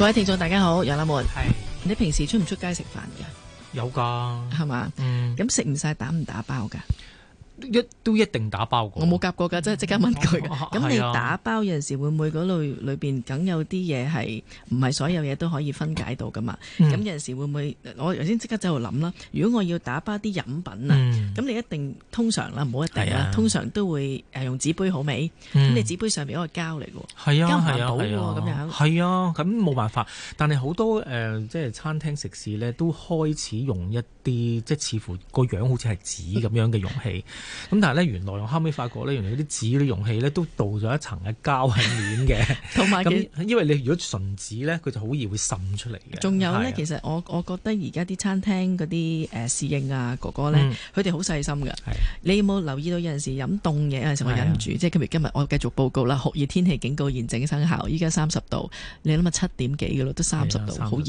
各位聽眾大家好，楊立門。係是，你平時出唔出街食飯㗎？有㗎的，係嘛吧？嗯，咁食唔晒，打唔打包㗎？一都一定打包過，我冇夾過㗎，即係即刻問佢。咁你打包有陣時會唔會嗰類裏面梗有啲嘢係唔係所有嘢都可以分解到㗎嘛？咁、嗯、有陣時會唔會？我頭先即刻喺度諗啦。如果我要打包啲飲品啊，咁、嗯、你一定通常啦，唔好一定啦，啊、通常都會用紙杯好味。咁、嗯、你紙杯上面嗰個膠嚟㗎喎，係啊，膠環保㗎喎，咁樣係啊。咁冇、啊有啊、辦法，但係好多、呃、即係餐廳食肆咧都開始用一啲即似乎個樣好似係紙咁樣嘅容器。 咁但係咧，原來我後尾發覺咧，原來啲紙啲容器咧都倒咗一層嘅膠喺面嘅。同埋，因為你如果純紙咧，佢就好易會滲出嚟嘅。仲有咧，其實我我覺得而家啲餐廳嗰啲誒侍應啊哥哥咧，佢哋好細心嘅。你有冇留意到？有陣時飲凍嘢，有陣時我忍唔住，即係譬如今日我繼續報告啦，酷熱天氣警告現正生效，依家三十度，你諗下七點幾嘅咯，都三十度，好熱。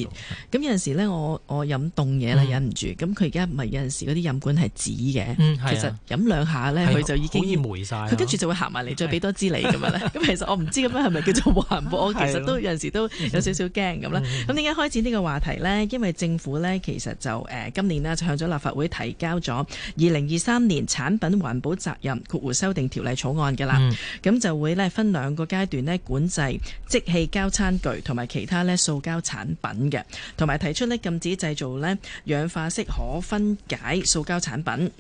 咁有陣時咧，我我飲凍嘢咧忍唔住，咁佢而家唔係有陣時嗰啲飲管係紙嘅，其實飲。兩下呢，佢是就已經黴曬。佢跟住就會行埋嚟，是再俾多支你咁樣咧。咁 其實我唔知咁樣係咪叫做環保。 我其實都 有陣時候都有少少驚咁啦。咁點解開展呢個話題呢？因為政府呢，其實就誒、呃、今年呢，就向咗立法會提交咗二零二三年產品環保責任括弧修訂條例草案嘅啦。咁、嗯、就會呢，分兩個階段呢，管制即棄膠餐具同埋其他呢塑膠產品嘅，同埋提出呢禁止製造呢氧化式可分解塑膠產品。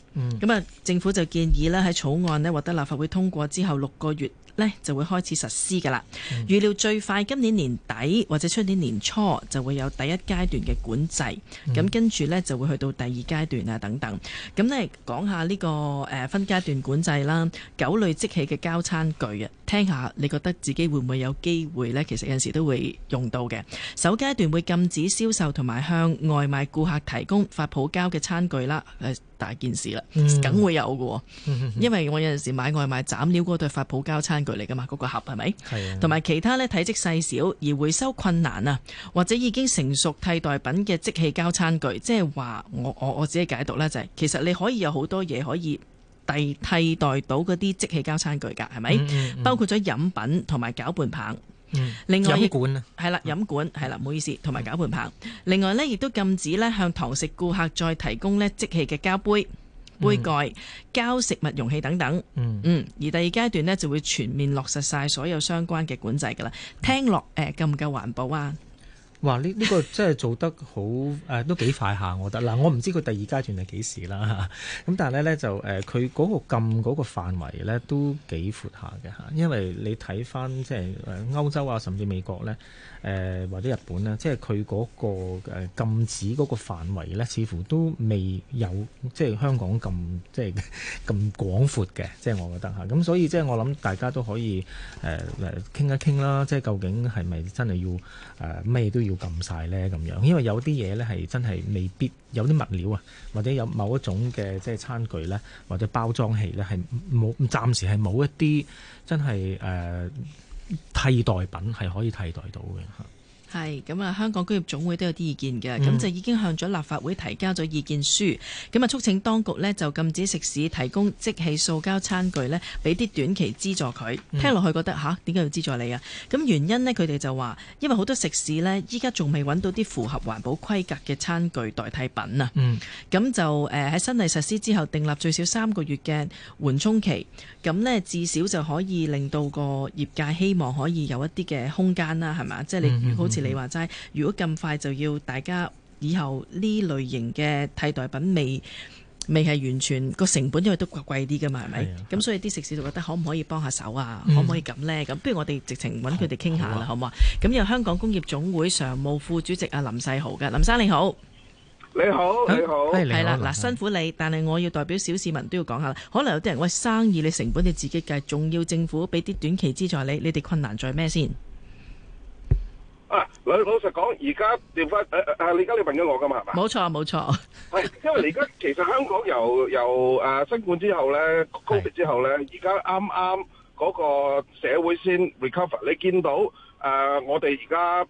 咁啊、嗯，政府就就建議咧，喺草案咧獲得立法會通過之後六個月，呢就會開始實施㗎啦，預料最快今年年底或者出年年初就會有第一階段嘅管制，咁、嗯、跟住呢就會去到第二階段啊等等。咁呢講下呢、呢個、呃、分階段管制啦，九類即棄嘅膠餐具啊，聽下你覺得自己會唔會有機會呢？其實有陣時都會用到嘅。首階段會禁止銷售同埋向外賣顧客提供發泡膠嘅餐具啦，誒大、嗯、件事啦，梗會有嘅，嗯、因為我有陣時買外賣斬料嗰對發泡膠餐具。嚟噶嘛？嗰盒係咪？係同埋其他咧體積細小而回收困難啊，或者已經成熟替代品嘅即棄膠餐具，即係話我我我只係解讀啦，就係、是、其實你可以有好多嘢可以替替代到嗰啲即棄膠餐具㗎，係咪？嗯嗯、包括咗飲品同埋攪拌棒。嗯、另外飲管館啊。係啦，飲管係啦，唔、嗯、好意思。同埋攪拌棒。嗯、另外咧，亦都禁止咧向堂食顧客再提供咧即棄嘅膠杯。杯蓋、膠食物容器等等，嗯、嗯，而第二階段呢就會全面落實晒所有相關嘅管制㗎啦。聽落誒，夠唔夠環保啊？哇！呢呢、呢個真係做得好，誒、呃、都幾快下，我覺得嗱、呃，我唔知佢第二階段係幾時啦。咁、啊、但係咧咧就誒，佢、呃、嗰個禁嗰個範圍咧都幾闊下嘅嚇，因為你睇返即係歐洲啊，甚至美國咧，誒、呃、或者日本咧，即係佢嗰個誒禁止嗰個範圍咧，似乎都未有即係香港咁即係咁廣闊嘅，即係我覺得嚇。咁、啊、所以即係我諗大家都可以誒誒傾一傾啦，即係究竟係咪真係要誒咩、呃、都要？要禁晒呢，咁樣，因為有啲嘢呢係真係未必有啲物料啊，或者有某一種嘅即係餐具呢，或者包裝器呢，係冇暫時係冇一啲真係誒、呃、替代品係可以替代到嘅。係咁啊！香港工業總會都有啲意見嘅，咁、嗯、就已經向咗立法會提交咗意見書，咁啊、嗯、促請當局呢，就禁止食肆提供即棄塑膠餐具呢，俾啲短期資助佢。嗯、聽落去覺得吓，點解要資助你啊？咁原因呢，佢哋就話，因為好多食肆呢，依家仲未揾到啲符合環保規格嘅餐具代替品啊。咁、嗯、就誒喺新例實施之後，訂立最少三個月嘅緩衝期，咁呢，至少就可以令到個業界希望可以有一啲嘅空間啦，係嘛？即係你好似。嗯嗯你話齋，如果咁快就要大家以後呢類型嘅替代品未未係完全個成本，因為都貴啲㗎嘛，係咪？咁、啊、所以啲食肆就覺得可唔可以幫下手啊？嗯、可唔可以咁呢？咁不如我哋直情揾佢哋傾下啦，好唔好？咁有香港工業總會常務副主席阿林世豪嘅，林生你好，你好。你好，嗯、你好，係啦，嗱，辛苦你，但係我要代表小市民都要講下啦。可能有啲人喂生意，你成本你自己計，仲要政府俾啲短期資助你，你哋困難在咩先？啊，老老實講，而家條法誒誒，你而家你問咗我㗎嘛？係嘛？冇錯冇錯，係因為而家其實香港由由誒、呃、新冠之後咧，高峯之後咧，而家啱啱嗰個社會先 recover。你見到誒、呃，我哋而家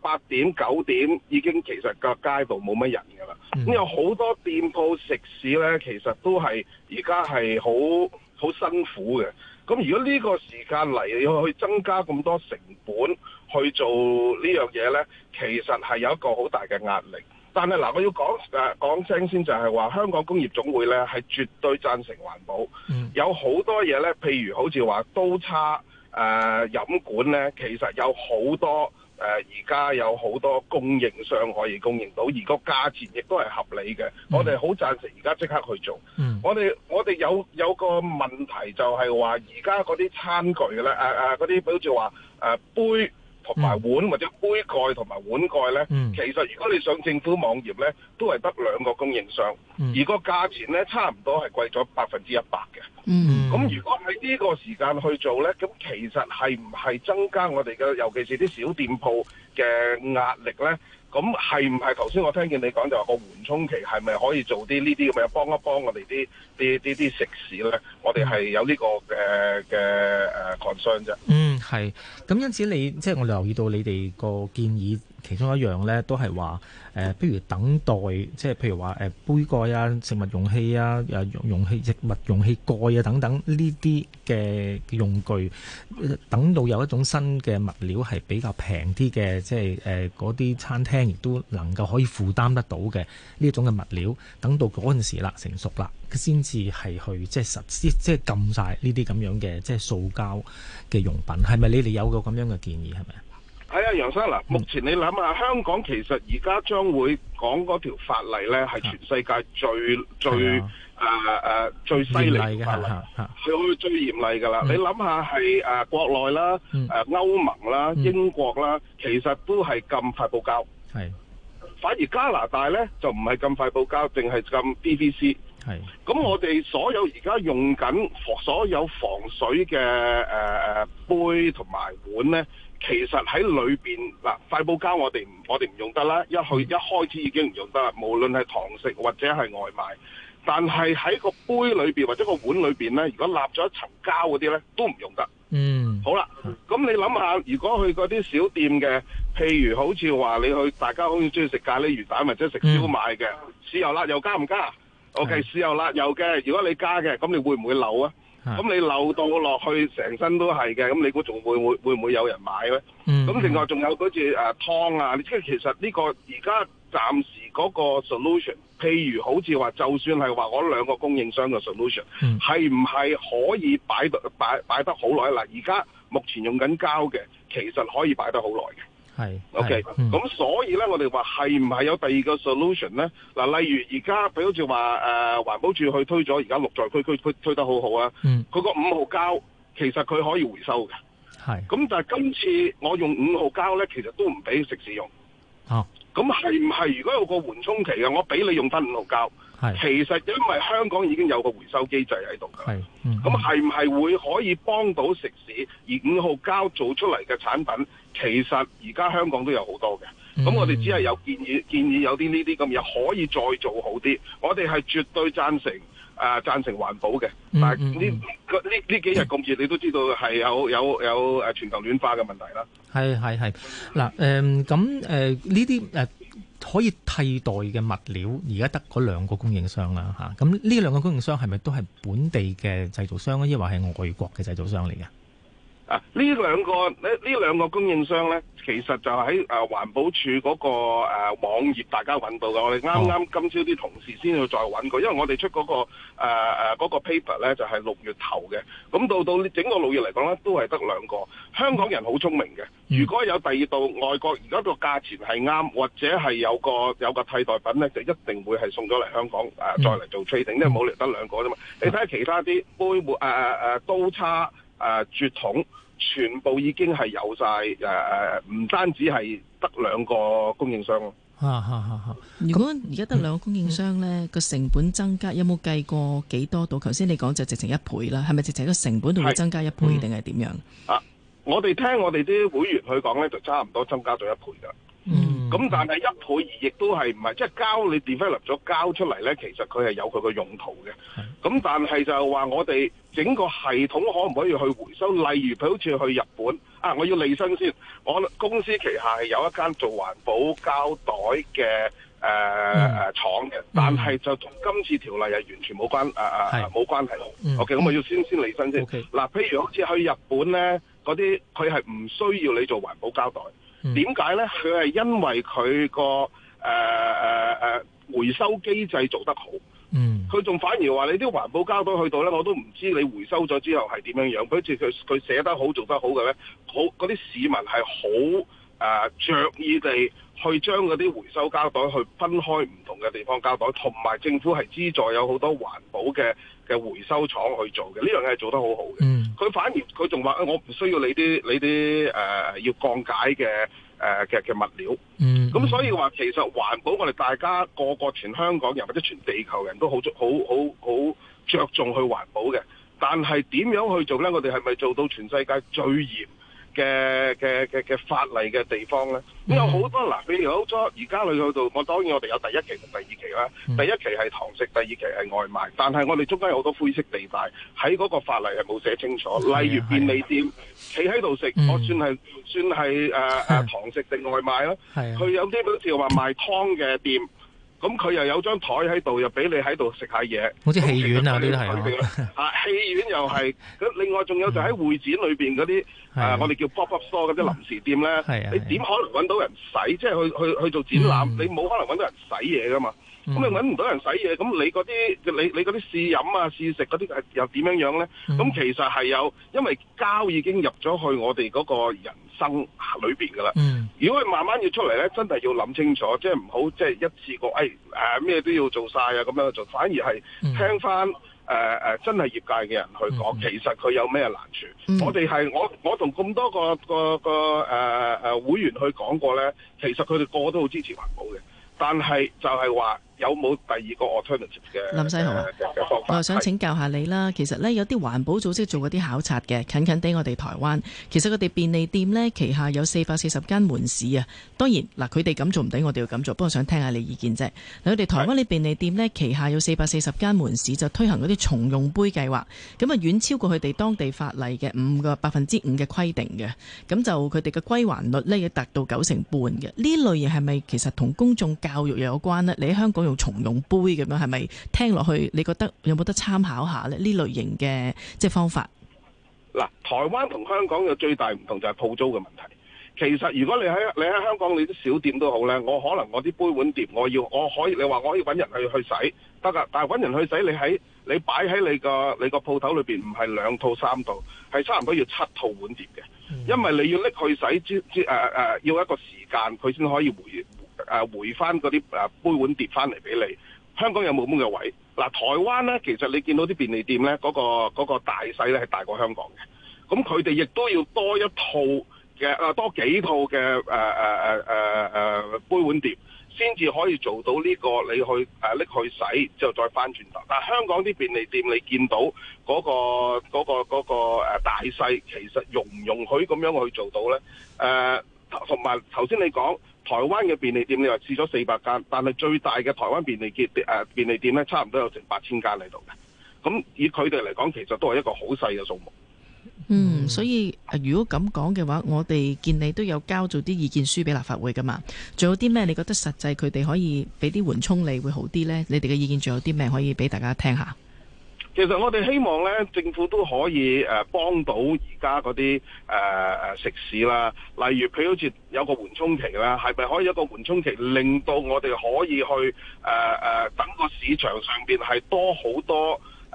八點九點已經其實個街道冇乜人㗎啦。咁有好多店鋪食肆咧，其實都係而家係好好辛苦嘅。咁如果呢個時間嚟要去增加咁多成本，去做呢樣嘢呢，其實係有一個好大嘅壓力。但係嗱，我要講講聲先就，就係話香港工業總會呢，係絕對贊成環保。Mm. 有好多嘢呢，譬如好似話刀叉誒、呃、飲管呢，其實有好多誒，而、呃、家有好多供應商可以供應到，而個價錢亦都係合理嘅。我哋好贊成而家即刻去做。Mm. 我哋我哋有有個問題就係話，而家嗰啲餐具呢，誒誒嗰啲，好似話誒杯。同埋碗或者杯蓋同埋碗蓋呢，嗯、其實如果你上政府網頁呢，都係得兩個供應商，嗯、而個價錢呢，差唔多係貴咗百分之一百嘅。咁、嗯、如果喺呢個時間去做呢，咁其實係唔係增加我哋嘅，尤其是啲小店鋪嘅壓力呢？咁係唔係頭先我聽見你講，就話個緩衝期係咪可以做啲呢啲咁嘅，幫一幫我哋啲啲啲啲食肆咧？我哋係有呢個嘅嘅誒 concern 啫。嗯，係。咁因此你即係我留意到你哋個建議。其中一樣咧，都係話誒，不、呃、如等待，即係譬如話誒、呃，杯蓋啊、食物容器啊、誒、啊、容器、食物容器蓋啊等等呢啲嘅用具，等到有一種新嘅物料係比較平啲嘅，即係誒嗰啲餐廳亦都能夠可以負擔得到嘅呢一種嘅物料，等到嗰陣時啦成熟啦，先至係去即係實施，即係禁晒呢啲咁樣嘅即係塑膠嘅用品，係咪你哋有個咁樣嘅建議係咪啊？是係啊，楊生嗱，目前你諗下，香港其實而家將會講嗰條法例咧，係全世界最、啊、最誒誒、啊啊、最犀利嘅嚇，佢最嚴厲嘅啦。嗯、你諗下係誒國內啦、誒、啊、歐盟啦、英國啦，嗯嗯、其實都係咁快報交，係、嗯。反而加拿大咧就唔係咁快報交，定係咁 BBC 係是。咁我哋所有而家用緊防所有防水嘅誒誒杯同埋碗咧。其實喺裏面，嗱，快保膠我哋唔我哋唔用得啦，一去一開始已經唔用得啦。無論係堂食或者係外賣，但係喺個杯裏面或者個碗裏面咧，如果立咗一層膠嗰啲咧，都唔用得。嗯，好啦，咁你諗下，如果去嗰啲小店嘅，譬如好似話你去，大家好似中意食咖喱魚蛋或者食燒賣嘅，嗯、豉油辣油加唔加？OK，的豉油辣油嘅，如果你加嘅，咁你會唔會漏啊？咁你漏到落去，成身都係嘅，咁你估仲會會會唔會有人買咧？咁另外仲有嗰啲誒湯啊，即係、啊、其實呢個而家暫時嗰個 solution，譬如好似話，就算係話嗰兩個供應商嘅 solution，係唔係可以擺，擺，擺得擺擺得好耐，嗱，而家目前用緊膠嘅，其實可以擺得好耐嘅。係，OK，咁、嗯、所以咧，我哋話係唔係有第二個 solution 咧？嗱，例如而家，比如好似話誒，環、呃、保署去推咗而家綠在區，推得好好啊。嗯，佢個五號膠其實佢可以回收嘅。係是，咁但係今次我用五號膠咧，其實都唔俾食肆用。哦。咁係唔係？如果有個緩衝期嘅，我俾你用翻五號膠。是其實因為香港已經有個回收機制喺度嘅。咁係唔係會可以幫到食肆？而五號膠做出嚟嘅產品，其實而家香港都有好多嘅。咁、嗯、我哋只係有建議，建議有啲呢啲咁嘢可以再做好啲。我哋係絕對贊成。啊，贊成環保嘅，但係呢呢呢幾日咁熱，嗯、你都知道係有有有誒全球暖化嘅問題啦。係係係。嗱，誒咁誒呢啲誒可以替代嘅物料，而家得嗰兩個供應商啦嚇。咁呢兩個供應商係咪都係本地嘅製造商咧，抑或係外國嘅製造商嚟嘅？啊！呢兩個呢兩個供應商呢，其實就喺誒、啊、環保署嗰、那個誒、啊、網頁，大家揾到嘅。我哋啱啱今朝啲同事先去再揾過，因為我哋出嗰、那個誒嗰、啊那個、paper 呢，就係、是、六月頭嘅。咁到到整個六月嚟講啦，都係得兩個。香港人好聰明嘅，嗯、如果有第二度外國而家個價錢係啱，或者係有個有個替代品呢，就一定會係送咗嚟香港誒、啊，再嚟做 trading、嗯、因為冇嚟得兩個啫嘛。嗯嗯、你睇下其他啲杯碗誒、啊啊、刀叉。誒、呃，絕桶，全部已經係有晒，誒誒，唔、呃、單止係得兩個供應商咯、啊。啊啊啊啊！啊如果而家得兩個供應商咧，個、嗯嗯、成本增加有冇計過幾多到？頭先你講就直情一倍啦，係咪直情個成本同會增加一倍定係點樣？啊，我哋聽我哋啲會員去講咧，就差唔多增加咗一倍噶。嗯咁、嗯、但係一倍是是，而亦都係唔係，即係交你 develop 咗交出嚟咧，其實佢係有佢個用途嘅。咁是但係就話我哋整個系統可唔可以去回收？例如佢好似去日本啊，我要理身先，我公司旗下係有一間做環保膠袋嘅誒誒廠嘅，但係就同今次條例係完全冇關啊啊，冇、呃、係是係好。嗯、OK，咁我要先、嗯、先理身先。嗱 okay.，譬如好似去日本咧，嗰啲佢係唔需要你做環保膠袋。點解咧？佢係因為佢個誒誒誒回收機制做得好，嗯，佢仲反而話你啲環保膠袋去到咧，我都唔知你回收咗之後係點樣樣，好似佢佢寫得好做得好嘅咧，好嗰啲市民係好。誒着、啊、意地去將嗰啲回收膠袋去分開唔同嘅地方膠袋，同埋政府係資助有好多環保嘅嘅回收廠去做嘅，呢樣嘢係做得好好嘅。嗯，佢反而佢仲話：我唔需要你啲你啲誒、啊、要降解嘅誒嘅嘅物料。嗯，咁所以話其實環保我哋大家個個全香港人或者全地球人都好好好好着重去環保嘅，但係點樣去做呢？我哋係咪做到全世界最嚴？嘅嘅嘅嘅法例嘅地方咧，都有好多嗱，譬如好早而家你去到，我當然我哋有第一期同第二期啦。第一期係堂食，第二期係外賣，但係我哋中間有好多灰色地帶，喺嗰個法例係冇寫清楚。例如便利店企喺度食，我算係算係誒誒堂食定外賣咧？係啊，佢啊，有啲好似話賣湯嘅店。咁佢又有張台喺度，又俾你喺度食下嘢。好似戲院啊，呢啲都係啊，戲院又係咁。 另外仲有就喺會展裏面嗰啲、 啊，我哋叫 Pop Up Store 嗰啲臨時店咧。 你點可能揾到人使？ 即係去去去做展覽，你冇可能揾到人使嘢噶嘛？咁你揾唔到人使嘢，咁你嗰啲你你嗰啲試飲啊、試食嗰啲，又點樣樣咧？咁其實係有，因為膠已經入咗去我哋嗰個人生裏邊噶啦，如果佢慢慢要出嚟咧，真係要諗清楚，即係唔好即係一次過，誒誒咩都要做晒啊。咁樣做，反而係聽翻誒誒真係業界嘅人去講，其實佢有咩難處。嗯、我哋係我我同咁多個個個誒誒、呃、會員去講過咧，其實佢哋個個都好支持環保嘅，但係就係話。有冇第二個 alternative 嘅？林世豪，我想請教下你啦。是其實呢，有啲環保組織做嗰啲考察嘅，近近地我哋台灣。其實佢哋便利店呢，旗下有四百四十間門市啊。當然嗱，佢哋咁做唔抵，我哋要咁做。不過我想聽下你意見啫。佢哋台灣啲便利店呢，旗下有四百四十間門市，就推行嗰啲重用杯計劃。咁啊遠超過佢哋當地法例嘅五個百分之五嘅規定嘅。咁就佢哋嘅歸還率呢，要達到九成半嘅。呢類嘢係咪其實同公眾教育有關呢？你喺香港？用重用杯咁樣係咪聽落去？你覺得有冇得參考下呢？呢類型嘅即係方法。嗱，台灣同香港嘅最大唔同就係鋪租嘅問題。其實如果你喺你喺香港，你啲小店都好咧，我可能我啲杯碗碟，我要我可以，你話我可以揾人去去洗得噶。但係揾人去洗，你喺你擺喺你個你個鋪頭裏邊，唔係兩套三套，係差唔多要七套碗碟嘅。嗯、因為你要拎去洗之之誒誒，要一個時間佢先可以回。誒、啊、回翻嗰啲誒杯碗碟翻嚟俾你，香港有冇咁嘅位？嗱、啊，台灣咧，其實你見到啲便利店咧，嗰個嗰個大細咧係大過香港嘅，咁佢哋亦都要多一套嘅、啊、多幾套嘅誒誒誒誒誒杯碗碟，先至可以做到呢個你去誒拎、啊、去洗，之後再翻轉頭。但香港啲便利店你見到嗰個嗰個嗰個誒大細，其實容唔容許咁樣去做到咧？啊。同埋頭先你講台灣嘅便利店，你話試咗四百間，但係最大嘅台灣便利店誒、啊、便利店呢，差唔多有成八千間喺度嘅。咁以佢哋嚟講，其實都係一個好細嘅數目。嗯，所以如果咁講嘅話，我哋見你都有交咗啲意見書俾立法會噶嘛？仲有啲咩你覺得實際佢哋可以俾啲緩衝，你會好啲呢？你哋嘅意見仲有啲咩可以俾大家聽下？其實我哋希望呢政府都可以幫到而家嗰啲食肆啦，例如譬如好似有一個緩衝期啦，係咪可以一個緩衝期令到我哋可以去、呃呃、等個市場上面係多好多，誒誒誒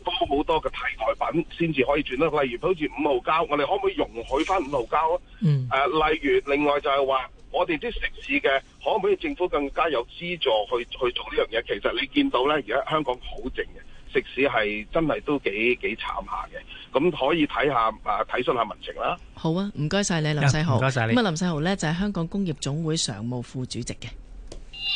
多好多嘅替代品先至可以轉啦，例如好似五號膠，我哋可唔可以容許翻五號膠啊？嗯。誒，例如另外就係話，我哋啲食肆嘅可唔可以政府更加有資助去去做呢樣嘢？其實你見到咧，而家香港好靜嘅食肆係真係都幾幾慘下嘅，咁可以睇下啊，體恤下民情啦。好啊，唔該晒你，林世豪。唔該曬你。咁啊，林世豪咧就係香港工業總會常務副主席嘅。